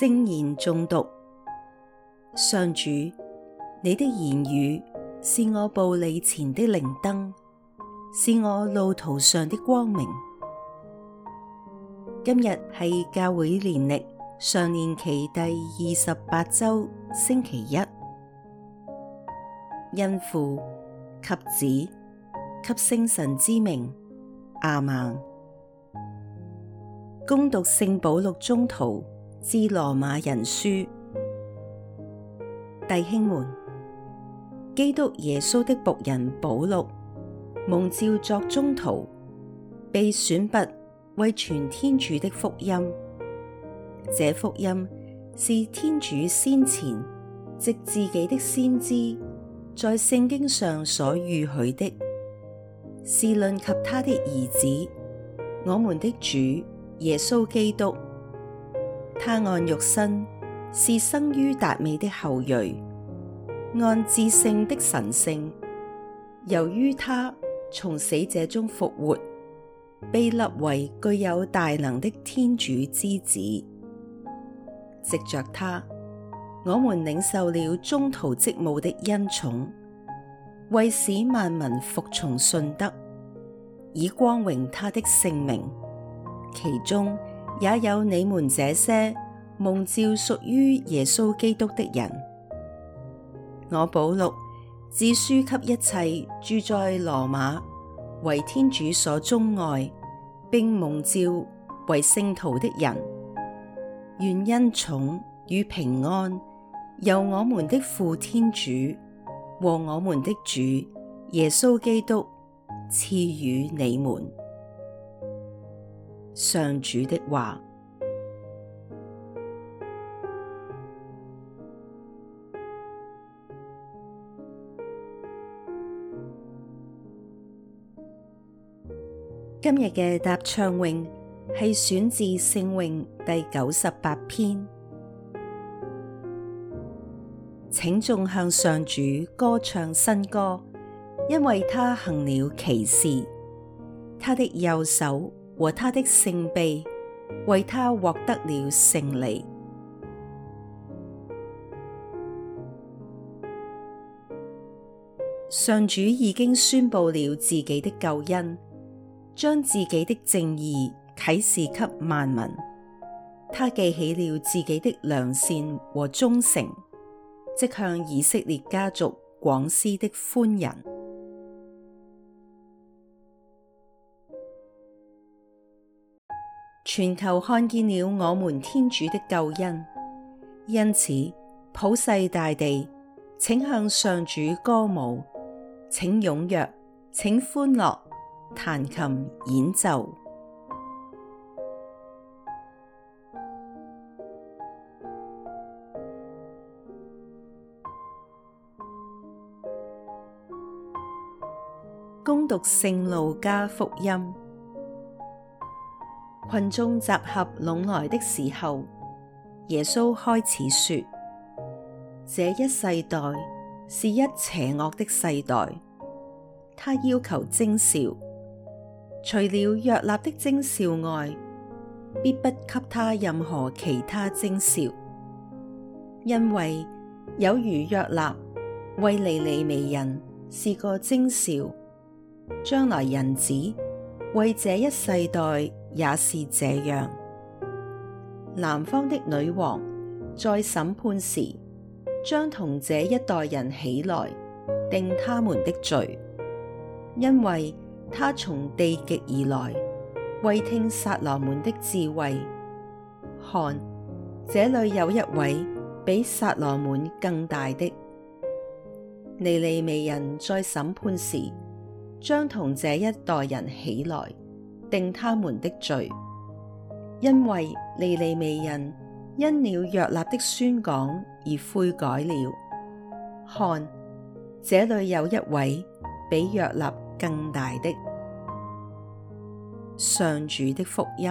聖言誦讀，上主，你的言語是我步履前的靈燈，是我路途上的光明。今日係教會年曆常年期第二十八周星期一，因父，及子，及聖神之名，阿門。恭讀聖保祿宗徒。致羅馬人書，弟兄們，基督耶穌的僕人保祿，蒙召作宗徒，被選拔為傳天主的福音。這福音是天主先前藉自己的先知在聖經上所預許的，是論及他的兒子，我們的主耶穌基督。他按肉身是生於達味的後裔，按至聖的神性，由於他從死者中復活，被立為具有大能的天主之子。藉着他，我們領受了宗徒職務的恩寵，為使萬民服從信德，以光榮他的聖名，其中，也有你們這些蒙召屬於耶穌基督的人，我保祿致書給一切住在羅馬，為天主所鍾愛，並蒙召為聖徒的人，願恩寵與平安由我們的父天主和我們的主耶穌基督賜予你們。上主的話。今日嘅答唱詠係選自聖詠第九十八篇。請眾向上主歌唱新歌，因為他行了奇事，他的右手。和他的聖臂，為他獲得了勝利。上主已經宣佈了自己的救恩，將自己的正義啟示給萬民。他記起了自己的良善和忠誠，即向以色列家族廣施的寬仁。全球看見了我們天主的救恩，因此普世大地，請向上主歌舞，請踴躍，請歡樂，彈琴演奏。恭讀聖路加福音。群眾集合攏來的時候，耶穌開始說：這一世代是一邪惡的世代，他要求徵兆。除了約納的徵兆外，必不給他任何其他徵兆，因為有如約納，為尼尼微人是個徵兆，將來人子為這一世代。也是這樣，南方的女王在審判時，將同這一代人起來定他們的罪，因為她從地極而來，為聽撒羅滿的智慧。看，這裏有一位比撒羅滿更大的尼尼微人，在審判時將同這一代人起來。定他們的罪，因為尼尼微人因了約納的宣講而悔改了。看，這裏有一位比約納更大的！上主的福音。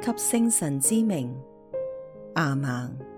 及聖神之名，阿們。